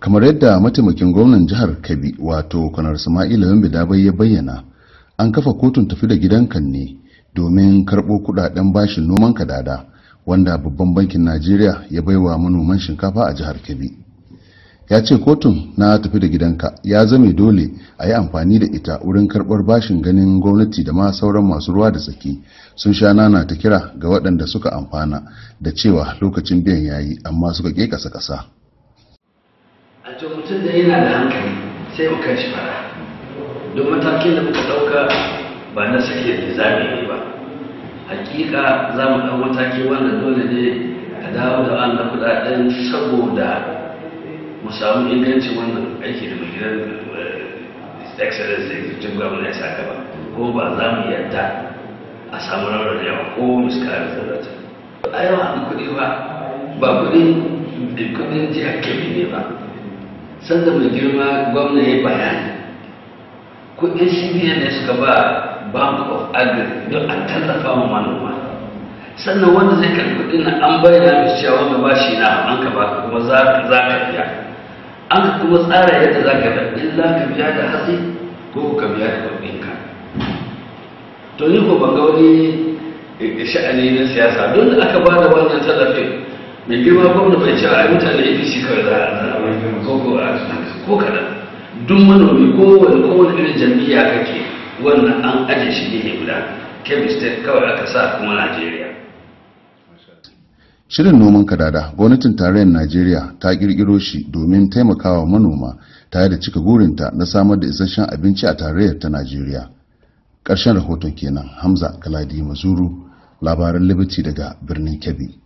kamar yadda mataimakin gwamnan jihar kabi wato kwanar sama'ila yambe dabai ya bayyana an kafa kotun tafi da gidanka ne domin karɓo kudaden bashin noman kadada wanda babban bankin najeriya ya baiwa manoman shinkafa a jihar kabi ya ce kotun na tafi da gidanka ya zame dole a yi amfani da ita wurin karɓar bashin ganin gwamnati da ma sauran masu ruwa da tsaki sun sha nana ta kira ga waɗanda suka amfana da cewa lokacin biyan yayi amma suka ƙe ƙasa ƙasa a to mutum da yana da hankali sai muka kai shi fara don matakin da muka ɗauka ba na sake da zami ba hakika za mu ɗan mataki wanda dole ne a dawo da da kuɗaɗen saboda mu samu ingancin wannan aiki da mai gidan eh, excellence da executive governor ya sa gaba ko ba za mu yadda a samu rawar da yawa ko miskalar zarata a yawa kuɗi ba ba kuɗin jiya kemi ne ba sanda mai girma gwamna ya bayani kudin cbn ne suka ba bank of agri don a tallafa wa manoma sannan wanda zai karbi kudin na an bayyana mai cewa wanda ba shi na an ka ba kuma za ka biya an ka kuma tsara yadda za ka biya za ka biya da hatsi ko ka biya da kuɗinka to ni ko ban ga wani eh, sha'ani na siyasa don da aka ba da wannan tallafin mai girma gwamna bai cewa yi mutane shi kawai za a zaɓa ko kaɗan duk manomi ko wani irin jam'iyya kake wannan an aje shi ne guda kemistan kawai aka sa kuma najeriya shirin noman kadada gwamnatin tarayyar najeriya ta kirkiro shi domin taimakawa manoma tare da cika gurinta na samar da isasshen abinci a tarayyar ta najeriya ƙarshen rahoton kenan hamza kaladi mazuru labaran liberty daga birnin kebbi